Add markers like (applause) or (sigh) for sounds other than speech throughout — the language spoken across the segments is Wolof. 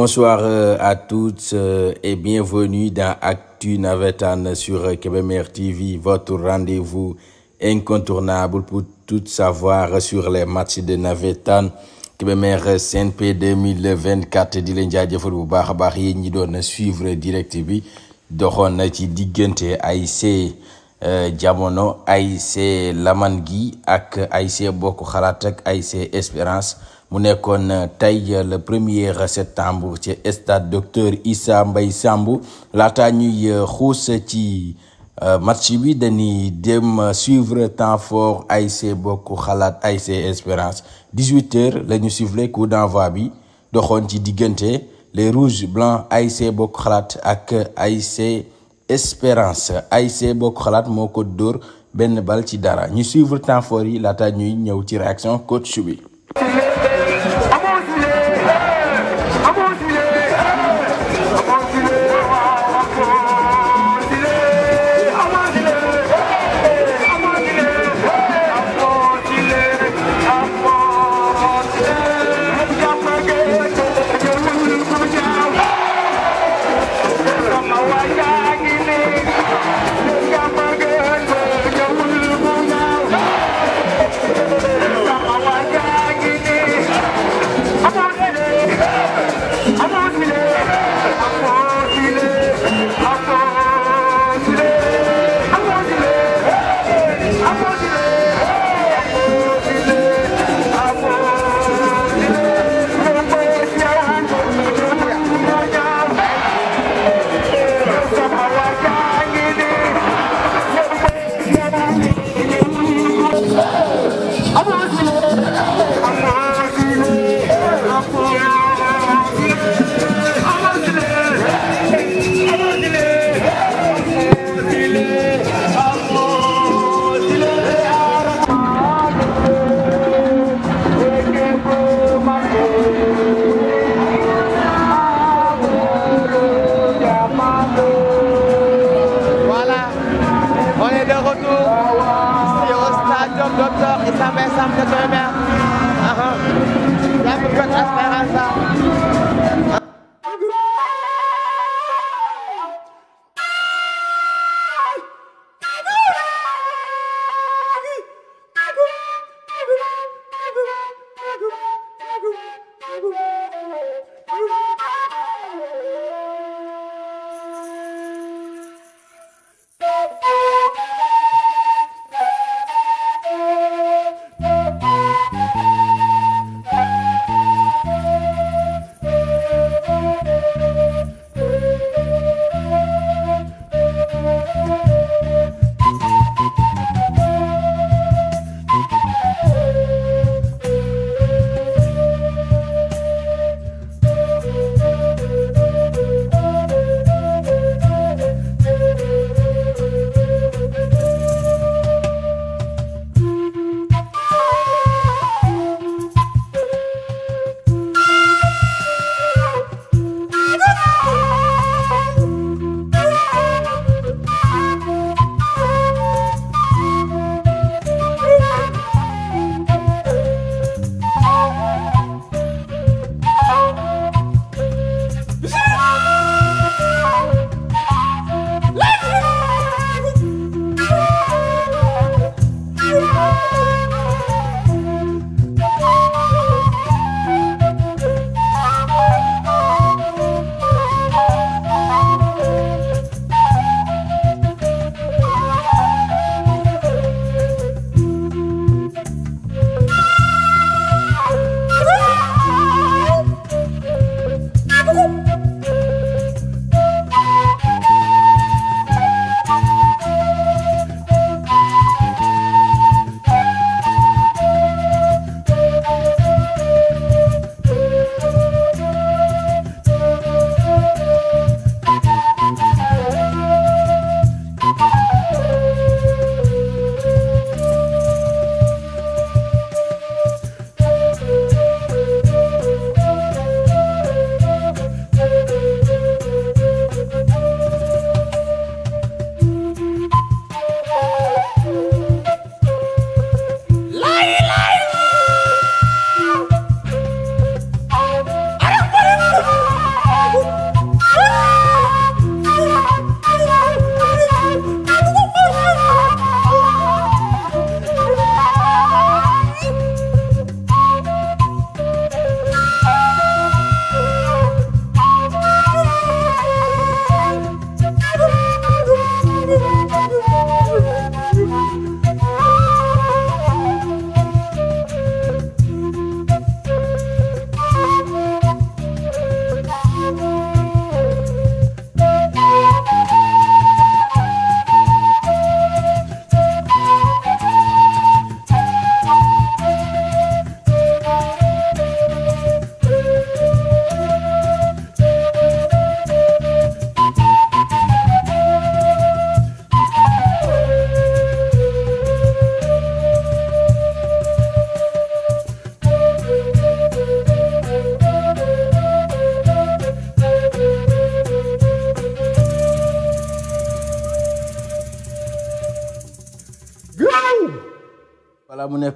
Bonsoir euh, à toutes euh, et bienvenue dans Actu Navetan sur Kebemer TV, votre rendez-vous incontournable pour tout savoir sur les matchs de Navetan. KBMR CNP 2024 di leen jaajëfal bu nous a suivre direct bi doxoon na ci diggante ASC euh, Jamono ASC Laman gi ak ASC Espérance mu nekkoon euh, tey euh, le 1er euh, septembre ci stade docteur Issa Mbaye Sambou laata ñuy xuus ci match bi dañuy dem suivre temps fort ASC Bokk Xalaat Espérance 18h la ñu suivre coup d'envoi bi doxoon ci diggante les rouges blancs ASC Bokk Xalaat ak Espérance ASC Bokk Xalaat moo ko dóor benn bal ci dara ñu suivre temps fort yi laata ñuy ñëw ci réaction coach bi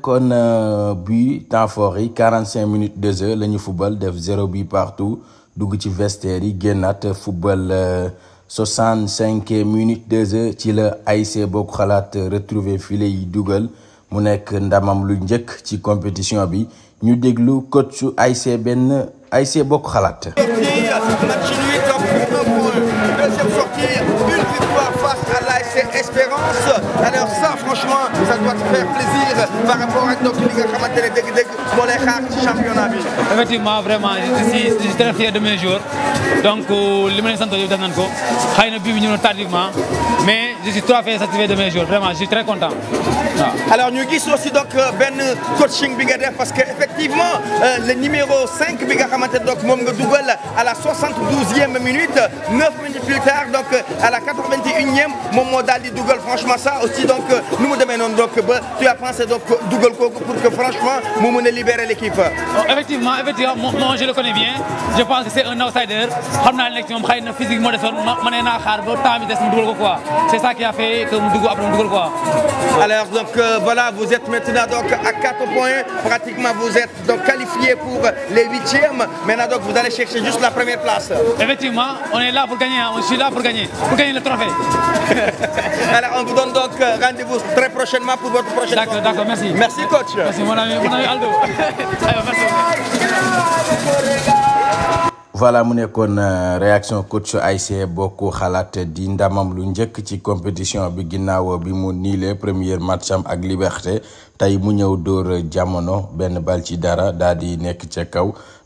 kon but temps fort 45 minutes de jeu la football def 0 but partout dugg ci vestiaire yi euh, euh, minutes de jeu ci le AIC Bokhalat euh, retrouver filet yi dugal mu ndamam lu ci compétition bi ñu Alors ça, franchement, ça doit te faire plaisir par rapport à notre ligue à ne dégg de moo xaar championnat effectivement vraiment je suis très fier de mes jours donc je suis très fier de mes tardivement mais je suis très fier de mes jours vraiment je suis très content alors nous avons aussi donc ben coaching bi parce qu'effectivement, effectivement euh, le numéro 5 bi nga xamante donc nga à la 72e minute 9 minutes plus tard donc à la 81e mon moo di franchement ça aussi donc euh, nous nous demandons donc bah, tu as pensé donc dugal coco pour que franchement nous nous libérer l'équipe effectivement effectivement moi je le connais bien je pense que c'est un outsider physique c'est ça qui a fait que nous dugg après alors donc euh, voilà vous êtes maintenant donc à 4 points pratiquement vous êtes donc qualifié pour les huitièmes maintenant donc vous allez chercher juste la première place effectivement on est là pour gagner hein. on est là pour gagner pour gagner le trophée (laughs) donc euh, rendez-vous très prochainement pour votre D'accord, d'accord, merci. Merci coach. Merci mon ami, mon ami Aldo. (laughs) voilà mon euh, réaction coach IC beaucoup di ndamam lu compétition premier match am ak Liberté mu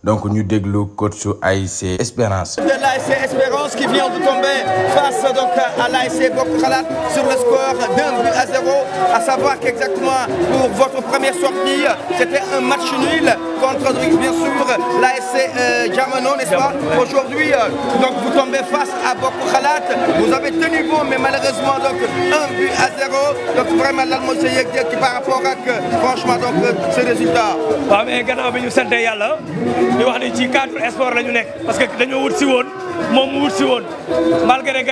donc nous déglou coach AIC Espérance. C'est l'AIC Espérance qui vient de tomber face donc à l'AIC Khalat sur le score d'un but à zéro. A savoir qu'exactement pour votre première sortie, c'était un match nul contre bien sûr l'AS euh, n'est-ce pas Aujourd'hui, euh, donc vous tombez face à Khalat. Vous avez tenu bon, mais malheureusement donc un but à zéro. Donc vraiment l'Almoseyer qui par rapport à que franchement donc euh, ce résultat. di wax ni ci a sport la ñu nekk parce que dañoo wut si Mon sur malgré à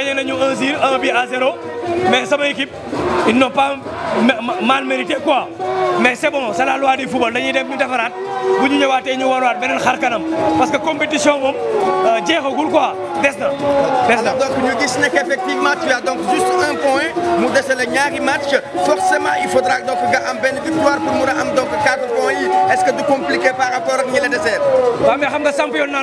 0 mais équipe ils n'ont pas mal mérité quoi mais c'est bon c'est la loi du football parce que compétition euh, donc nous qu'effectivement tu as donc juste un point nous match forcément il faudra donc une victoire pour donc points est-ce que c'est compliqué par rapport à championnat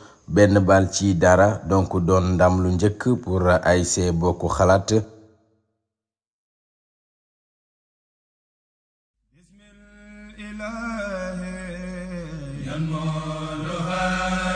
benn bal ci dara donc doon ndam lu njëkk pour ASC Bokk Xalaat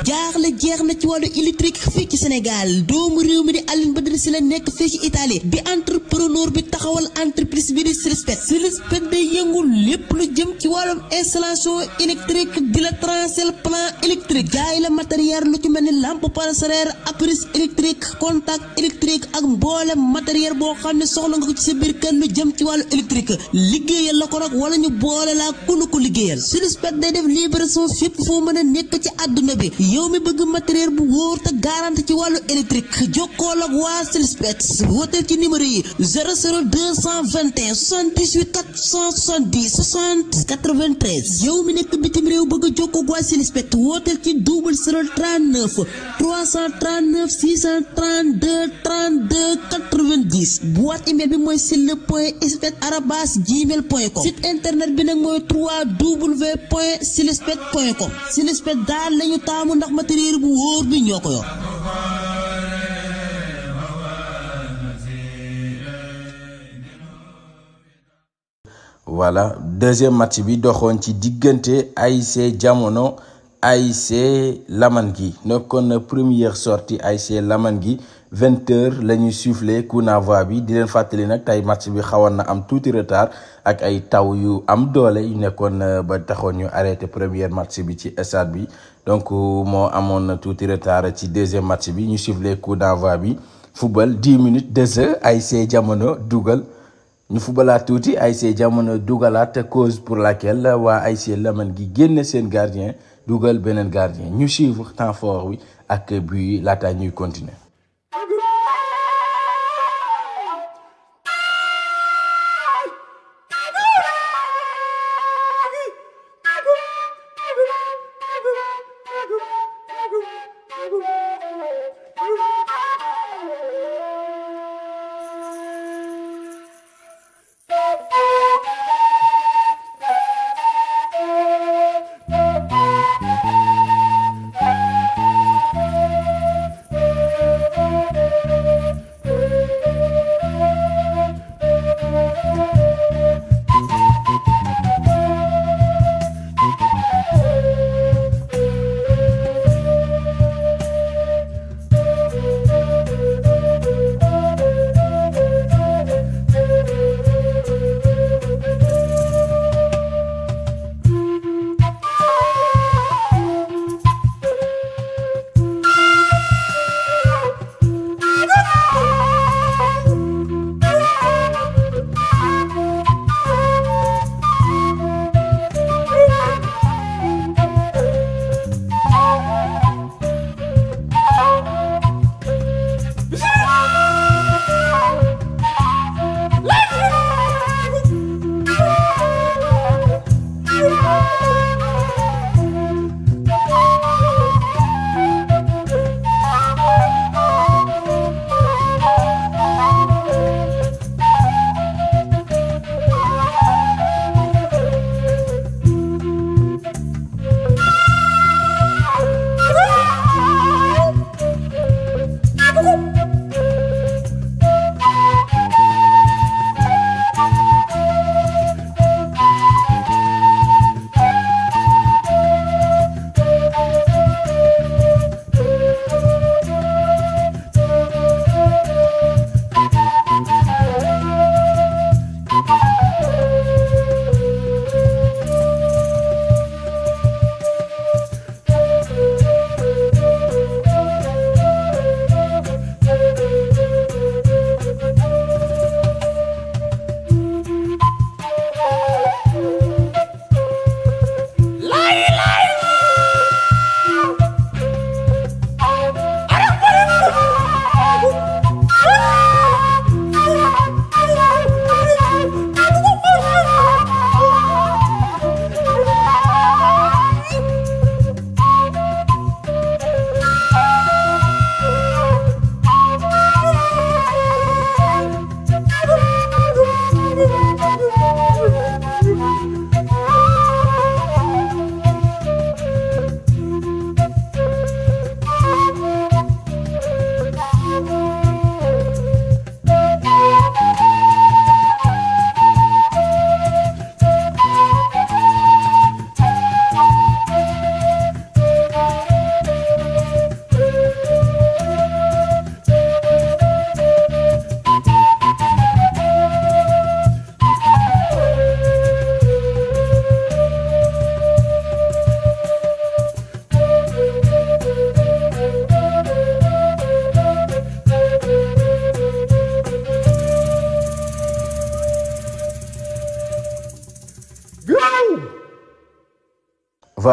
jaaxle jeex na ci wàllu électrique fii ci Sénégal doomu réew mi di Alioune Badara Sylla nekk fii ci Italie bi entrepreneur bi taxawal entreprise bi di Silispet Silispet day yëngu lépp lu jëm ci wàllum installation électrique di la trancel plan électrique jaay la matériel lu ci mel ni lampe parasolaire apprise électrique contact électrique ak mboole matériel boo xam ne soxla nga ci sa biir kër lu jëm ci wàllu électrique liggéeyal la ko nag wala ñu boole laa ku nu ko liggéeyal Silispet day def libération fépp foo mën a nekk ci àdduna bi yow mi bëgg matériel bu wóor te garanti ci wàllu électrique jokkool ak waa Silspet wooteel ci numéro yi 00 221 78 470 60 93 yow mi nekk bitim réew bëgg a jokkoo ak waa Silspet wooteel ci double 0 39 339 632 32 90 boîte email bi mooy sile point spet arabas gmail point com site internet bi nag mooy 3w point silspet point daal lañu taamu ndax matériel bu bi deuxième match bi doxoon ci diggante ay AIC Jamono ay AIC gi nekkoon première sortie AIC Lamangi vingt heures la ñuy siffler coup d'envoi bi di leen fàttali nag tey match bi xawoon na am tuuti retard ak ay taw yu am doole yu nekkoon na euh, ba taxoon ñu arrêté première match bi ci stade bi donc euh, moo amoon tuuti retard ci deuxième match bi ñu suivre les coups d'envoi bi football 10 minutes de jeu ASC Jamono dougal ñu footballaat touti ASC Jamono la cause pour laquelle wa ASC Lamane gi génné sen gardien dougal benen gardien ñu suivre temps fort oui. ak la ta ñuy continuer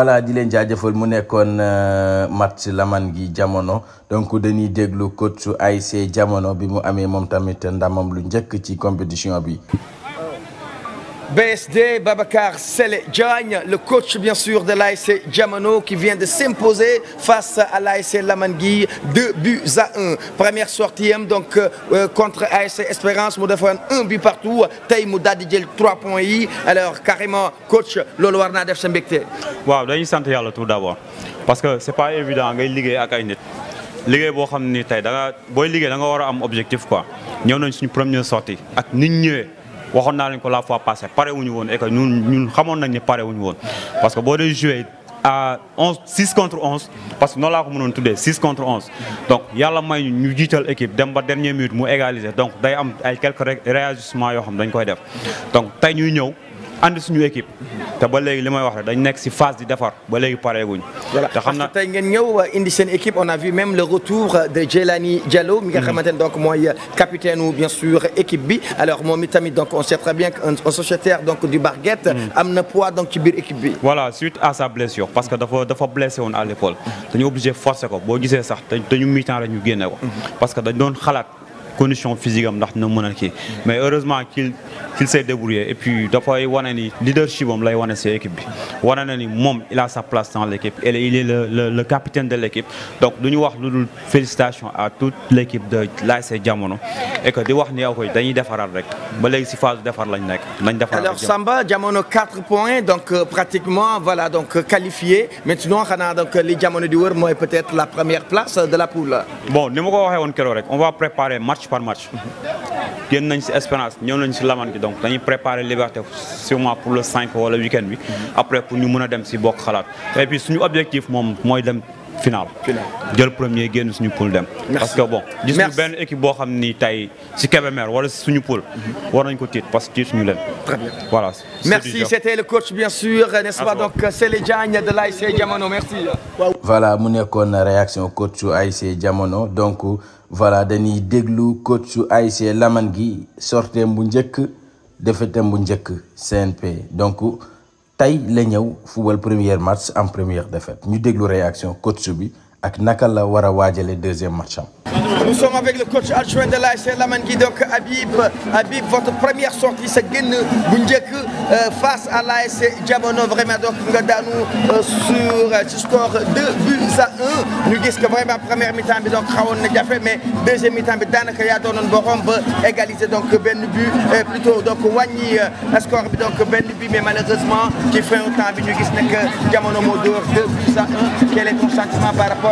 voilà di leen jaajëfal mu nekkoon euh, match laman gi jamono donc dañuy déglu coach ASC jamono bi mu amee moom tamit ndamam lu njëkk ci compétition bi BSD, Babacar Sele le coach bien sûr de l'ASC Diamano qui vient de s'imposer face à l'ASC Lamangui, 2 buts à 1. Première sortie hein, donc euh, euh contre ASC Espérance, Moudafouane 1 but partout, Tay Mouda 3 points I. Alors carrément, coach Lolo Arnaud Def Sembekte. Wow, dañuy sant Yalla tout d'abord parce que c'est pas évident ngay liggéey ak ay nit. liggéey boo xam ni ligue da nga booy da nga war a am objectif quoi ñëw nañ suñu première sortie ak nit ñëwee waxon a ko la fois passée paré wuñu won et que ñun ñun xamoon nañ ne paré wuñu won parce que bo dé joué à 11 6 contre 11 parce que nous la ko mënon 6 contre 11 donc yalla may ñu jital équipe dem ba dernière minute mu égaliser donc day am ay quelques réajustements yo xam dañ koy def donc tay ñuy ñëw ànd suñu équipe te ba légui limay wax rek dañ nek ci phase di defar ba légui paré voilà parce xamna tay ngeen ñëw indi seen équipe on a vu même le retour de Jelani Diallo. mi nga mhm. xamante donc moy capitaine ou bien sûr équipe bi alors momi tamit donc on sait très bien qu'un sociétaire donc du Barguette mhm. am na poids donc ci biir équipe bi. voilà suite à sa blessure parce que dafa dafa blessé on à l'épaule mhm. dañu obligé forcer ko bo gisee sax dañu mi-temps rek ñu génne ko parce que dañ doon xalat condition physique am ndax mais heureusement qu'il qu'il s'est débrouillé et puis dafay a ni leadership am lay wone si équipe bi wone ni mom il a sa place dans l'équipe et il est le le le capitaine de l'équipe donc duñu wax félicitations à toute l'équipe de l'ASC Jamono et que di wax ni yow koy dañuy defaraat rek ba légui ci phase défar lañ nek alors Samba Jamono 4 points donc euh, pratiquement voilà donc euh, qualifié maintenant xanaa donc euh, li Jamono di wër moy peut-être la première place de la poule bon ni rek on va préparer match match par match. génn nañ si Espérance ñëw nañ si Lamane gi donc dañuy préparer Liberté sûrement pour le 5 wala week-end bi. Mhm. après pour ñu mën a dem si et puis suñu objectif moom mooy dem. final jël premier génn suñu poule dem. parce que bon gis ñu benn équipe boo xam ni tey si Kébémer wala si suñu poule. Mhm. war nañ ko tiit parce que tiituñu leen. très bien voilà. merci c'était le coach bien sûr n'est-ce pas donc euh, c'est le Diagne de l'ASC Jamono merci. voilà mu nekkoon réaction coach ASC Jamono donc voilà dañuy déglu coach su ASC Lamane gi bon bu défait un bu njëkk CNP donc tay la ñëw football première match en première défaite ñu déglu réaction coach bi ak nakala la le deuxième match Nous sommes avec le coach adjoint de l'ASC Lamane donc Habib Habib votre première sortie c'est génn bu euh, face à l'ASC Jamono vraiment donc nga daanu euh, sur euh, ce score 2 buts à 1 Nous disons que vraiment première mi-temps donc xawoon na fait mais deuxième mi-temps bi daanaka yaa doonoon borom ba égaliser donc benn but plutôt donc la score donc benn but mais malheureusement qui un temps nous ñu qui nag Jamono moo 2 buts à 1 quel est ton sentiment par rapport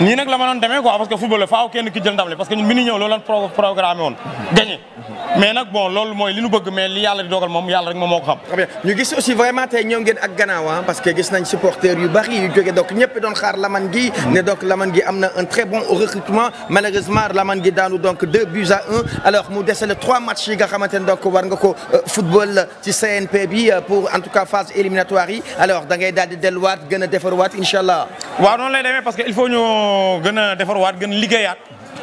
ni nak la ma doon demee quoi parce que football faaw kenn ki jël ndamlé parce que ñun mini ni ñëw loolu lan programme won gagné mais nak bon loolu moy li ñu bëgg mais li yalla di dogal mom yalla rek mom moko xam très bien ñu gis aussi vraiment tey ñëw ngeen ak ganaw ah parce que gis nañ supporters yu bari yu joggé donc ñëpp doon xaar Lamane gi mm. né donc Lamane Gueye am na un très bon recrutement malheureusement Lamane gi daanu donc 2 buts à 1 alors mu déssé le 3 matchs yi nga xamantene donc war nga ko euh, football ci CNP bi euh, pour en tout cas phase éliminatoire alors da ngay dal di delluwaat gën a defarwaat incha allah waaw noonu lay démé parce que il faut ñu dañoo gën a defar waat gën liggéeyaat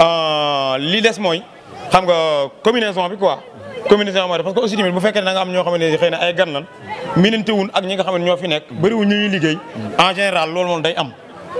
Euh, li des mooy xam nga combinaison bi quoi combinaison parce que aussi tamit bu fekkee da nga am ñoo xamné xeyna ay gan lan minante wuñ ak ñi nga xam ne ñoo fi nek bari ñu ñuy liggéey en général loolu mom day am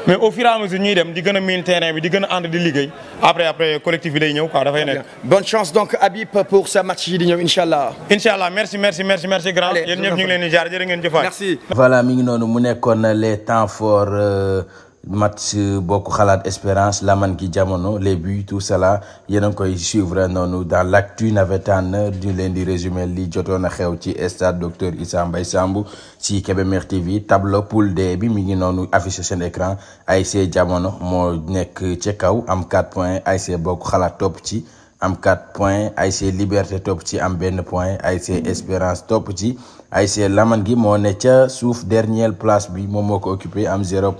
mais au fur et à mesure ñuy dem di gëna a terrain bi di gëna and di liggéey après après collectif bi day ñëw quoi da fay nek bonne chance donc Habib pour ce match yi di ñëw inshallah inshallah merci merci merci merci grand. yeen ñëpp ñu ngi leen di jaar jërë ngeen jëfaat. merci. voilà mi ngi nonu mu nekkoon euh, les temps forts. Euh, match bokk khalat espérance laman diamono jamono les buts tout cela yéen a koy suivre nonou dans l'actu navetane du lundi résumé li jotona xew ci stade docteur Issa Mbaye Sambou ci Kébémer TV tableau pour D bi mi ngi noonu sur seen écran ASC jamono mo nek ci kaw am 4 points ASC bokk xalaat ci am 4 points Liberté top ci am ben point Espérance top ci ASC laman gi mo ne ca souf dernière place bi moom moko occuper occupé am 0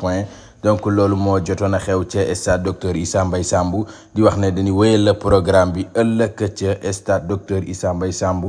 donc loolu moo jotoon a xew ca stade docteur Issa Mbaye Sambou di wax ne dañuy wéyal le programme bi ëllëg ca stade docteur Issa Mbaye Samb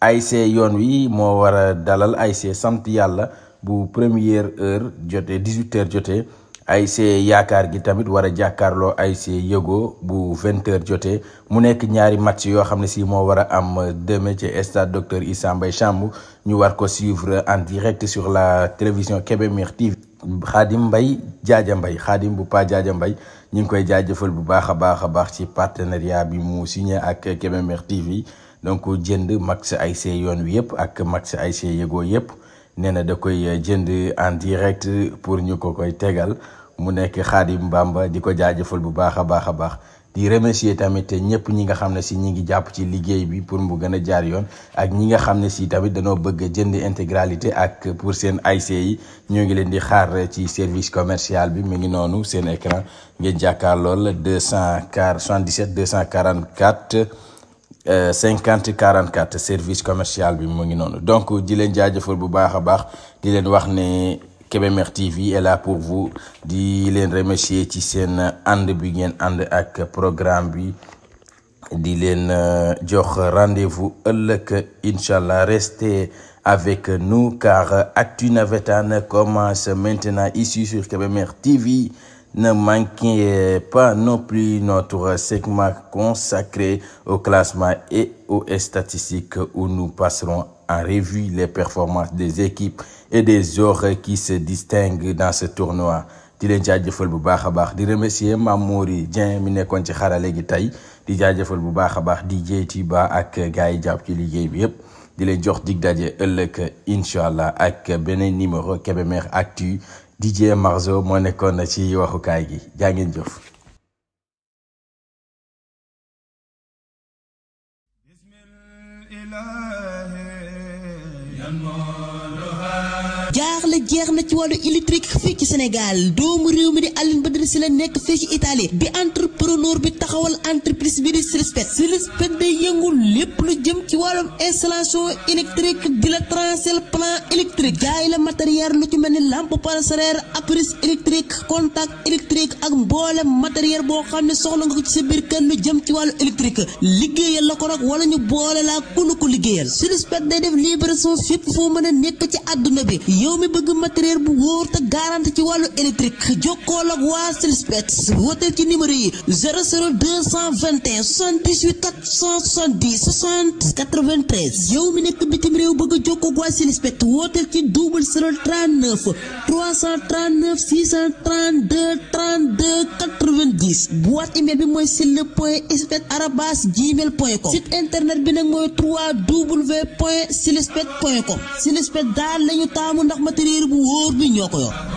ASC yoon wi moo war a dalal ASC sant yàlla bu première heure jotee 18 heures jotee ASC yaakaar gi tamit war a jàkkaarloo ASC yëgoo bu 20 heures jotee mu nekk ñaari match yoo xam si moo war am demee ci stade docteur Issa Mbaye Sambou ñu war ko suivre en direct sur la télévision Kébémer TV. xaadim mbay jaaja mbay xaadim bu paa jaaja mbay ñu ngi koy jaajëfal bu baax a baax a baax ci partenariat bi mu signé ak Kébémer TV donc jënd max ay see yoon wi yëpp ak max ay see yëgoo yëpp nee na da koy jënd en direct pour ñu ko koy tegal mu nekk xaadim Bamba di ko jaajëfal bu baax a baax a baax di remercier tamit ñëpp ñi nga xam ne si ñi ngi jàpp ci liggéey bi pour mu gën a jaar yoon ak ñi nga xam ne si tamit dañoo bëgg jënd intégralité ak pour seen ay AIC yi ñoo ngi leen di xaar ci service commercial bi mi ngi noonu seen écran ngeen jàkkaar lool 277 244 50 44 service commercial bi mu ngi noonu donc di leen jaajëfal bu baax a baax di leen wax ne Kebemer TV est là pour vous di len remercier ci sen and bi ak programme bi di len euh, jox rendez-vous euleuk inshallah restez avec nous car Actu Navetan commence maintenant ici sur Kebemer TV ne manquez pas non plus notre segment consacré au classement et aux statistiques où nous passerons en revue les performances des équipes et des joueurs qui se distinguent dans ce tournoi. di leen jaajëfal bu baax a di remercier Mamouri Dieng mi nekkoon ci xarale gi tey di jaajëfal bu baax a baax di ak gars yi jàpp ci liggéey bi yëpp di leen jox dig daje ëllëg incha ak beneen numéro Kébémer Actu DJ Marzo moo nekkoon na ci waxukaay gi jaa ngeen jëf. jaaxle jeex na ci wàllu électrique fii ci Sénégal doomu réew mi di Alioune Badara Sylla nekk fii ci Italie di entrepreneur bi taxawal entreprise bi di Silispet Silispet day yëngu lépp lu jëm ci wàllum installation électrique di la tracer plan électrique jaay la matériel lu ci mel ni lampe parasolaire apprise électrique contact électrique ak mboole matériel boo xam ne soxla nga ci sa biir kër lu jëm ci wàllu électrique liggéeyal la ko nag wala ñu boole laa ku ko liggéeyal Silispet day def livraison fépp foo mën a nekk ci àdduna bi yow mi bëgg matériel bu wóor te garanti ci wàllu électrique jokkool ak waa Silspets wooteel ci numéro yi 00 221 78 470 60 93 yow mi nekk bitim réew bëgg a jokkoo ak waa Silspets wooteel ci double e 39 339 632 32 90 boîte email bi mooy sile point spet arabas gmail point com site internet bi nag mooy 3w point silspet point com silspet daal lañu taamu ndax ndax matériel bu wóor bi ñoo ko yor